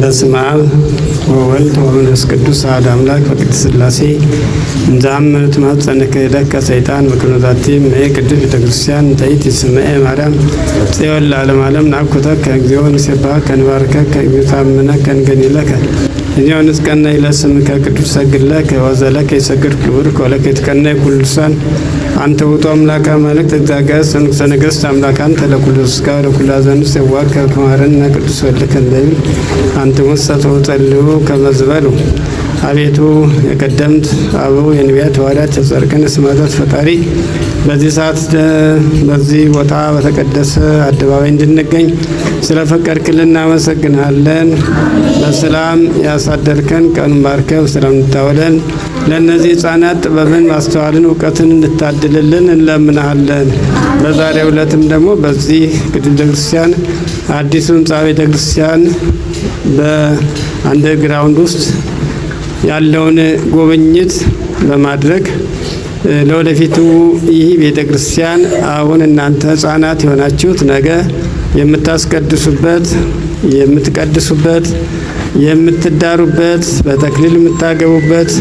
በስመ አብ ወወልድ ወመንፈስ ቅዱስ አሐዱ አምላክ በቅድስት ሥላሴ እንዛመ ትማጸነከ ይእዜከ ሰይጣን በክኖታቲ እምየ ቅድስት ቤተ ክርስቲያን እንተይት ስምዐ ማርያም ጽዮን ለዓለመ ዓለም ናኩተከ እግዚኦ ንሴብሐከ ንባርከከ እግዚኦ ታምነከ እንገኒለከ እኛውን እስቀናይ ይለስም ከቅዱስ ሰግለ ከወዘለ የሰገድ ክቡር ከወለከ የተቀናይ ኩልሳን አንተ ውጡ አምላካ መልእክት እግዚአብሔር ንጉሠ ነገሥት አምላክ አንተ ለኩሉ ስጋ ለኩሉ አዘን ውስጥ የዋከ ቅዱስ ወልከ እንዳይል አንተ ወሰተው ጸልዩ ከመዝበሉ አቤቱ የቀደምት አበው የነቢያት ተዋዳት የጸድቅን ስመቶች ፈጣሪ በዚህ ሰዓት በዚህ ቦታ በተቀደሰ አደባባይ እንድንገኝ ስለ እናመሰግናለን እናመሰግንሃለን። በሰላም ያሳደርከን ቀኑን ባርከህ በሰላም እንድታውለን ለእነዚህ ህጻናት ጥበብን፣ ማስተዋልን፣ እውቀትን እንድታድልልን እንለምናለን። በዛሬው ዕለትም ደግሞ በዚህ ቅድስት ቤተክርስቲያን አዲሱ ሕንጻ ቤተክርስቲያን በአንደርግራውንድ ውስጥ ያለውን ጉብኝት በማድረግ ለወደፊቱ ይህ ቤተ ክርስቲያን አሁን እናንተ ህጻናት የሆናችሁት ነገ የምታስቀድሱበት የምትቀድሱበት የምትዳሩበት በተክሊል የምታገቡበት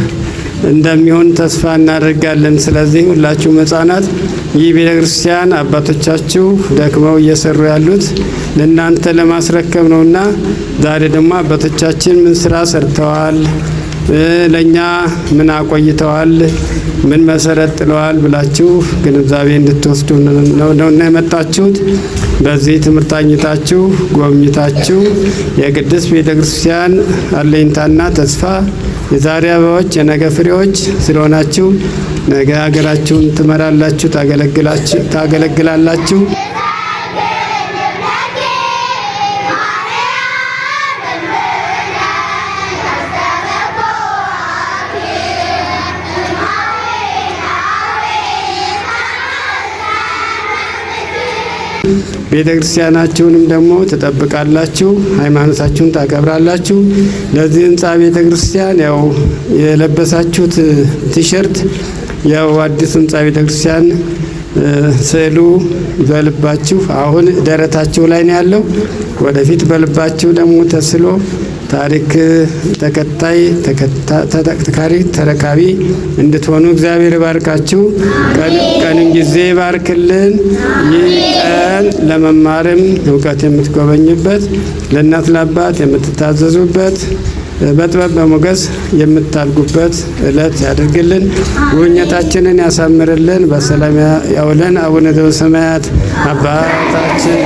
እንደሚሆን ተስፋ እናደርጋለን። ስለዚህ ሁላችሁም ህጻናት ይህ ቤተ ክርስቲያን አባቶቻችሁ ደክመው እየሰሩ ያሉት ለእናንተ ለማስረከብ ነውና ዛሬ ደግሞ አባቶቻችን ምን ስራ ሰርተዋል ለእኛ ምን አቆይተዋል፣ ምን መሰረት ጥለዋል ብላችሁ ግንዛቤ እንድትወስዱ ነው የመጣችሁት። በዚህ ትምህርት አግኝታችሁ ጎብኝታችሁ የቅድስት ቤተ ክርስቲያን አለኝታና ተስፋ የዛሬ አበባዎች የነገ ፍሬዎች ስለሆናችሁ ነገ ሀገራችሁን ትመራላችሁ፣ ታገለግላላችሁ። ቤተ ክርስቲያናችሁንም ደግሞ ትጠብቃላችሁ፣ ሃይማኖታችሁን ታከብራላችሁ። ለዚህ ህንፃ ቤተ ክርስቲያን ያው የለበሳችሁት ቲሸርት ያው አዲስ ህንፃ ቤተ ክርስቲያን ስዕሉ በልባችሁ አሁን ደረታችሁ ላይ ነው ያለው። ወደፊት በልባችሁ ደግሞ ተስሎ ታሪክ ተከታይ ተረካቢ እንድትሆኑ እግዚአብሔር ይባርካችሁ። ቀንም ጊዜ ይባርክልን። ይህ ቀን ለመማርም እውቀት የምትጎበኝበት ለእናት ለአባት የምትታዘዙበት፣ በጥበብ በሞገስ የምታድጉበት እለት ያድርግልን። ጉብኝታችንን ያሳምርልን። በሰላም ያውለን። አቡነ ዘበሰማያት አባታችን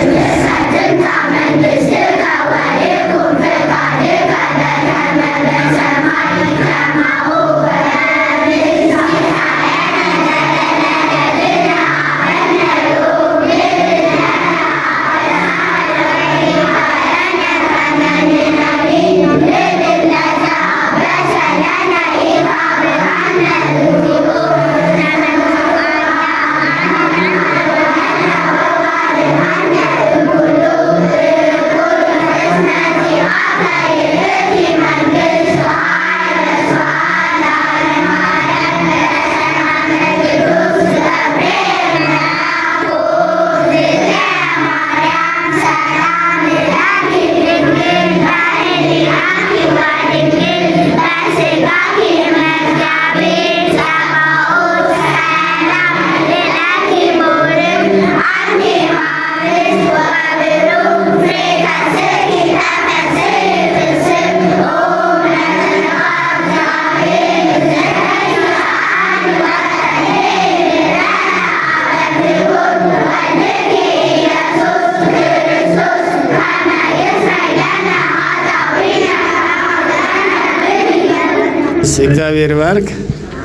ይድረስ። እግዚአብሔር ባርክ፣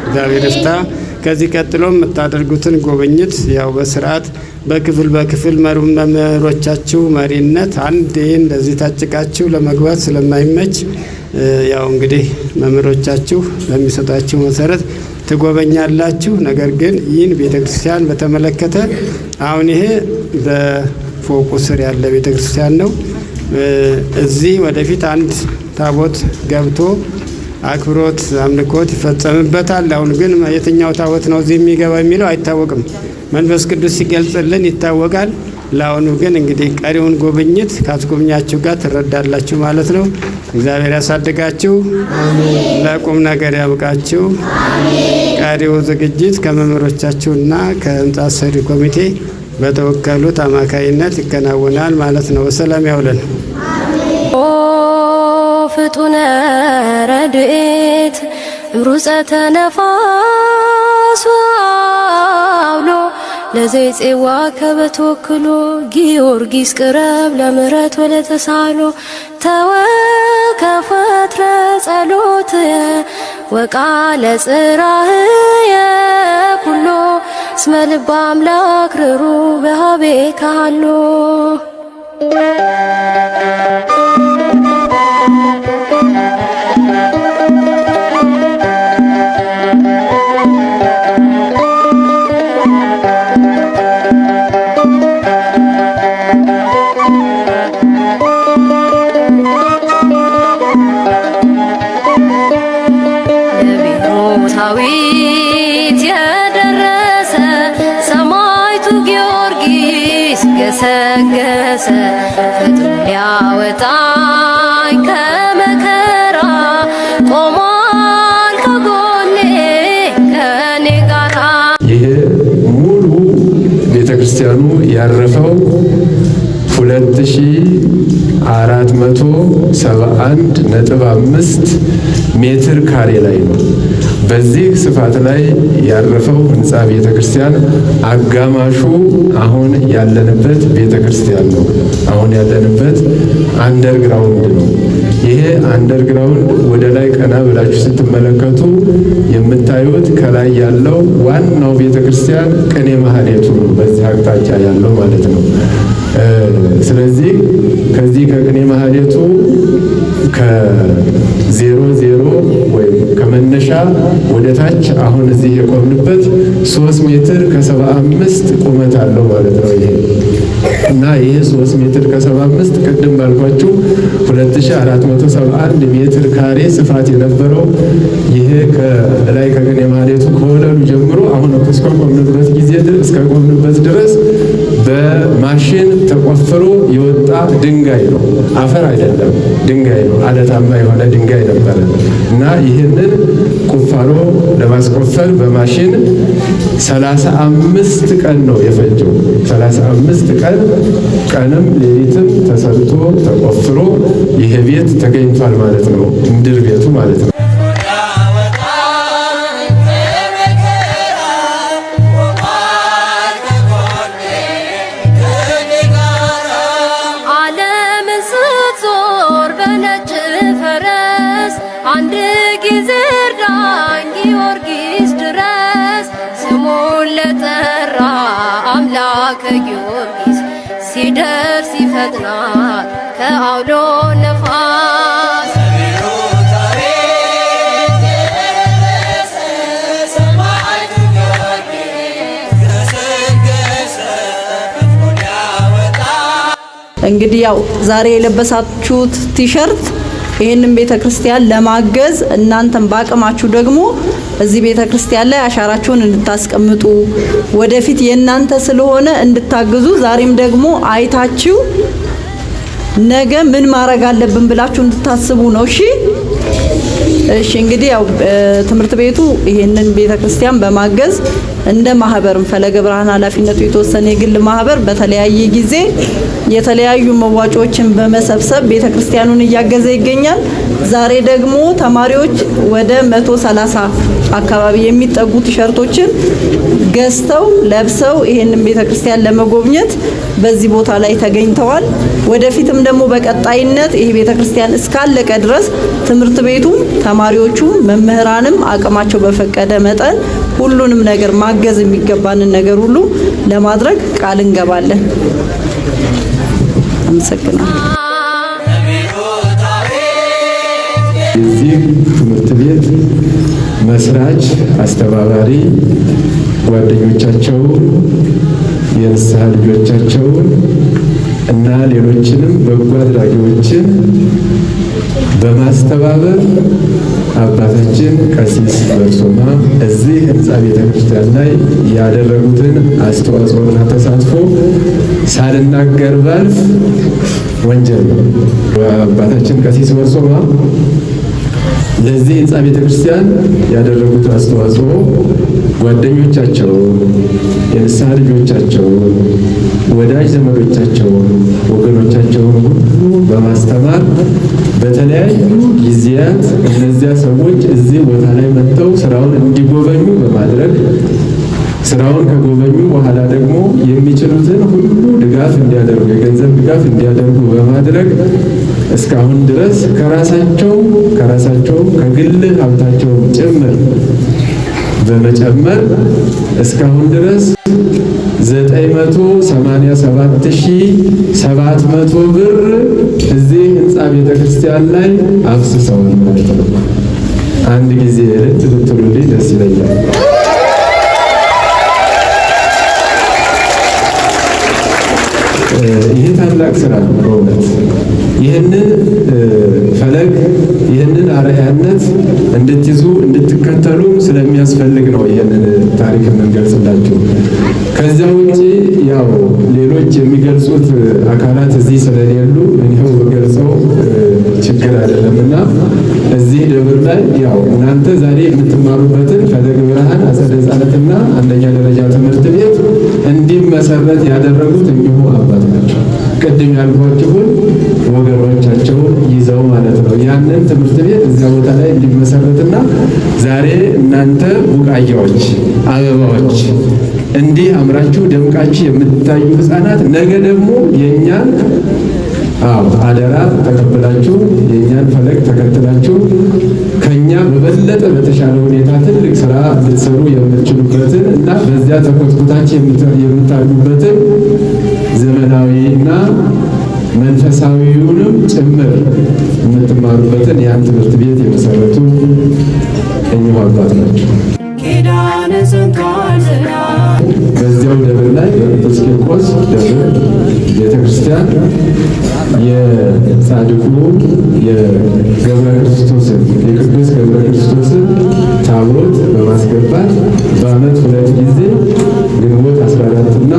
እግዚአብሔር ይፍታ። ከዚህ ቀጥሎም የምታደርጉትን ጉብኝት ያው በስርዓት በክፍል በክፍል መምህሮቻችሁ መሪነት አንድ ይህን እንደዚህ ታጭቃችሁ ለመግባት ስለማይመች ያው እንግዲህ መምህሮቻችሁ በሚሰጣችሁ መሰረት ትጎበኛላችሁ። ነገር ግን ይህን ቤተክርስቲያን በተመለከተ አሁን ይሄ በፎቁ ስር ያለ ቤተክርስቲያን ነው። እዚህ ወደፊት አንድ ታቦት ገብቶ አክብሮት አምልኮት ይፈጸምበታል። አሁን ግን የትኛው ታቦት ነው እዚህ የሚገባ የሚለው አይታወቅም። መንፈስ ቅዱስ ሲገልጽልን ይታወቃል። ለአሁኑ ግን እንግዲህ ቀሪውን ጉብኝት ካስጎብኛችሁ ጋር ትረዳላችሁ ማለት ነው። እግዚአብሔር ያሳድጋችሁ፣ ለቁም ነገር ያብቃችሁ። ቀሪው ዝግጅት ከመምህሮቻችሁና ከህንጻ ሰሪ ኮሚቴ በተወከሉት አማካይነት ይከናወናል ማለት ነው። በሰላም ያውለን። ፍጡነ ረድኤት እምሩፀተ ነፋሱ አውሎ ለዘይፄዋ ከበትወክሎ ጊዮርጊስ ቅረብ ለምህረት ወለተሳሎ ተወከፈትረ ጸሎትየ ወቃለ ጽራህየ ኩሎ እስመ ልበ አምላክ ርሩ በሃቤ ካሎ ታደሰ ፈጥኖ ሊያወጣኝ ከመከራ ቆሟል ከጎኔ ከኔ ጋር። ይህ ሙሉ ቤተ ክርስቲያኑ ያረፈው ሁለት ሺህ አራት መቶ ሰባ አንድ ነጥብ አምስት ሜትር ካሬ ላይ ነው። በዚህ ስፋት ላይ ያረፈው ህንፃ ቤተ ክርስቲያን አጋማሹ አሁን ያለንበት ቤተ ክርስቲያን ነው። አሁን ያለንበት አንደርግራውንድ ነው። ይሄ አንደርግራውንድ ወደ ላይ ቀና ብላችሁ ስትመለከቱ የምታዩት ከላይ ያለው ዋናው ቤተ ክርስቲያን ቅኔ ማህሌቱ ነው። በዚህ አቅጣጫ ያለው ማለት ነው። ስለዚህ ከዚህ ቅኔ ማህሌቱ ከዜሮ ዜሮ ወይም ከመነሻ ወደ ታች አሁን እዚህ የቆምንበት ሶስት ሜትር ከሰባ አምስት ቁመት አለው ማለት ነው። ይሄ እና ይሄ ሶስት ሜትር ከሰባ አምስት ቅድም ባልኳችሁ ሁለት ሺ አራት መቶ ሰባ አንድ ሜትር ካሬ ስፋት የነበረው ይሄ ከላይ ከቅኔ በማሽን ተቆፍሮ የወጣ ድንጋይ ነው። አፈር አይደለም፣ ድንጋይ ነው። አለታማ የሆነ ድንጋይ ነበረ እና ይህንን ቁፋሮ ለማስቆፈር በማሽን ሰላሳ አምስት ቀን ነው የፈጀው። ሰላሳ አምስት ቀን ቀንም ሌሊትም ተሰርቶ ተቆፍሮ ይሄ ቤት ተገኝቷል ማለት ነው፣ ምድር ቤቱ ማለት ነው። ሲደርስ ይፈጥናል ከአውሎ ነፋስ እንግዲህ ያው ዛሬ የለበሳችሁት ቲሸርት ይህንን ቤተ ክርስቲያን ለማገዝ እናንተን ባቅማችሁ ደግሞ እዚህ ቤተ ክርስቲያን ላይ አሻራችሁን እንድታስቀምጡ ወደፊት የእናንተ ስለሆነ እንድታግዙ ዛሬም ደግሞ አይታችሁ ነገ ምን ማድረግ አለብን ብላችሁ እንድታስቡ ነው። እሺ እሺ። እንግዲህ ያው ትምህርት ቤቱ ይሄንን ቤተ ክርስቲያን በማገዝ እንደ ማህበርም ፈለገ ብርሃን ኃላፊነቱ የተወሰነ የግል ማህበር በተለያየ ጊዜ የተለያዩ መዋጮዎችን በመሰብሰብ ቤተክርስቲያኑን እያገዘ ይገኛል። ዛሬ ደግሞ ተማሪዎች ወደ 130 አካባቢ የሚጠጉ ቲሸርቶችን ገዝተው ለብሰው ይሄንን ቤተክርስቲያን ለመጎብኘት በዚህ ቦታ ላይ ተገኝተዋል። ወደፊትም ደግሞ በቀጣይነት ይሄ ቤተክርስቲያን እስካለቀ ድረስ ትምህርት ቤቱም ተማሪዎቹም መምህራንም አቅማቸው በፈቀደ መጠን ሁሉንም ነገር ማገዝ የሚገባንን ነገር ሁሉ ለማድረግ ቃል እንገባለን። አመሰግናለሁ። የዚህ ትምህርት ቤት መስራች አስተባባሪ ጓደኞቻቸውን የንስሐ ልጆቻቸውን እና ሌሎችንም በጎ አድራጊዎችን በማስተባበር አባታችን ቀሲስ በርሶማ እዚህ ህንፃ ቤተ ክርስቲያን ላይ ያደረጉትን አስተዋጽኦና ተሳትፎ ሳልናገር ባልፍ ወንጀል ነው። አባታችን ቀሲስ በርሶማ ለዚህ ህንፃ ቤተ ክርስቲያን ያደረጉት አስተዋጽኦ ጓደኞቻቸውን፣ የንስሐ ልጆቻቸውን፣ ወዳጅ ዘመዶቻቸውን፣ ወገኖቻቸውን በማስተማር በተለያዩ ጊዜያት እነዚያ ሰዎች እዚህ ቦታ ላይ መጥተው ስራውን እንዲጎበኙ በማድረግ ስራውን ከጎበኙ በኋላ ደግሞ የሚችሉትን ሁሉ ድጋፍ እንዲያደርጉ የገንዘብ ድጋፍ እንዲያደርጉ በማድረግ እስካሁን ድረስ ከራሳቸው ከራሳቸው ከግል ሀብታቸው ጭምር በመጨመር እስካሁን ድረስ 987700 ብር እዚህ ህንፃ ቤተ ክርስቲያን ላይ አፍስሰዋል አንድ ጊዜ ልት ልትሉልኝ ደስ ይለኛል። ይህ ታላቅ ስራ ነው በእውነት ይህንን ፈለግ ይህንን አርአያነት እንድትይዙ እንድትከተሉ ስለሚያስፈልግ ነው ይህንን ታሪክ የምንገልጽላችሁ። ከዚያ ውጭ ያው ሌሎች የሚገልጹት አካላት እዚህ ስለሌሉ እኔው ገልጸው ችግር አይደለምና እዚህ ደብር ላይ ያው እናንተ ዛሬ የምትማሩበትን ፈለግ ብርሃን አጸደ ሕፃናትና አንደኛ ደረጃ ትምህርት ቤት እንዲመሰረት ያደረጉት እኚሁ አባት ናቸው። ቅድም ያልኳችሁን ነው ማለት ነው። ያንን ትምህርት ቤት እዚያ ቦታ ላይ እንዲመሰረትና ዛሬ እናንተ ቡቃያዎች፣ አበባዎች እንዲህ አምራችሁ ደምቃችሁ የምትታዩ ህፃናት ነገ ደግሞ የእኛን አደራ ተቀብላችሁ የእኛን ፈለግ ተከትላችሁ ከኛ በበለጠ በተሻለ ሁኔታ ትልቅ ስራ እንድትሰሩ የምትችሉበትን እና በዚያ ተኮትኩታችሁ የምታዩበትን ዘመናዊ እና መንፈሳዊውንም ጭምር የምትማሩበትን ያን ትምህርት ቤት የመሰረቱ አባት ናቸው። ከዚያው ደብር ላይ ኤጲስቆጶስ ደብር ቤተክርስቲያን የጻድቁ የገብረ ክርስቶስን የቅዱስ ገብረ ክርስቶስን ታቦት በማስገባት በዓመት ሁለት ጊዜ ግንቦት 14 እና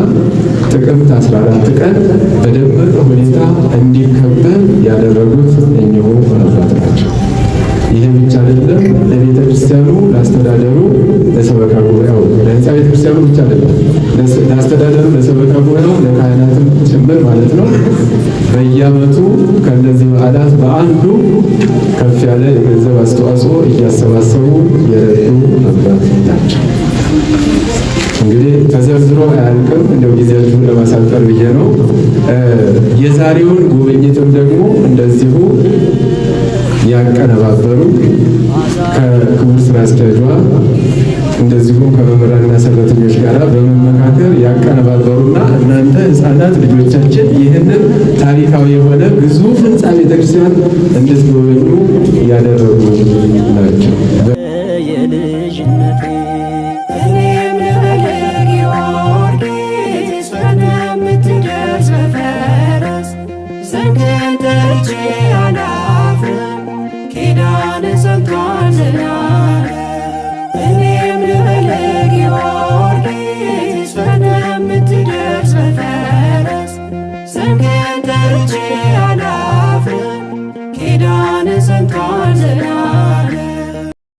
ጥቅምት 14 ቀን በደመቀ ሁኔታ እንዲከበር ያደረጉት እኚሁ አባት ለአስተዳደሩ ለሰበካ ጉባኤው ለህንፃ ቤተክርስቲያኑ ብቻ አይደለም፣ ለአስተዳደሩ ለሰበካ ጉባኤው ለካህናትም ጭምር ማለት ነው። በየአመቱ ከእነዚህ በዓላት በአንዱ ከፍ ያለ የገንዘብ አስተዋጽኦ እያሰባሰቡ የረዱ አባት ናቸው። እንግዲህ ተዘርዝሮ አያልቅም። እንደው ጊዜያችሁን ለማሳጠር ብዬ ነው። የዛሬውን ጉብኝትም ደግሞ እንደዚሁ ያቀነባበሩ ከክቡር ስራ አስኪያጇ እንደዚሁም ከመምህራንና ሰራተኞች ጋር በመመካከል ያቀነባበሩና እናንተ ህፃናት ልጆቻችን ይህንን ታሪካዊ የሆነ ግዙፍ ህንፃ ቤተክርስቲያን እንድትጎበኙ ያደረጉ ናቸው።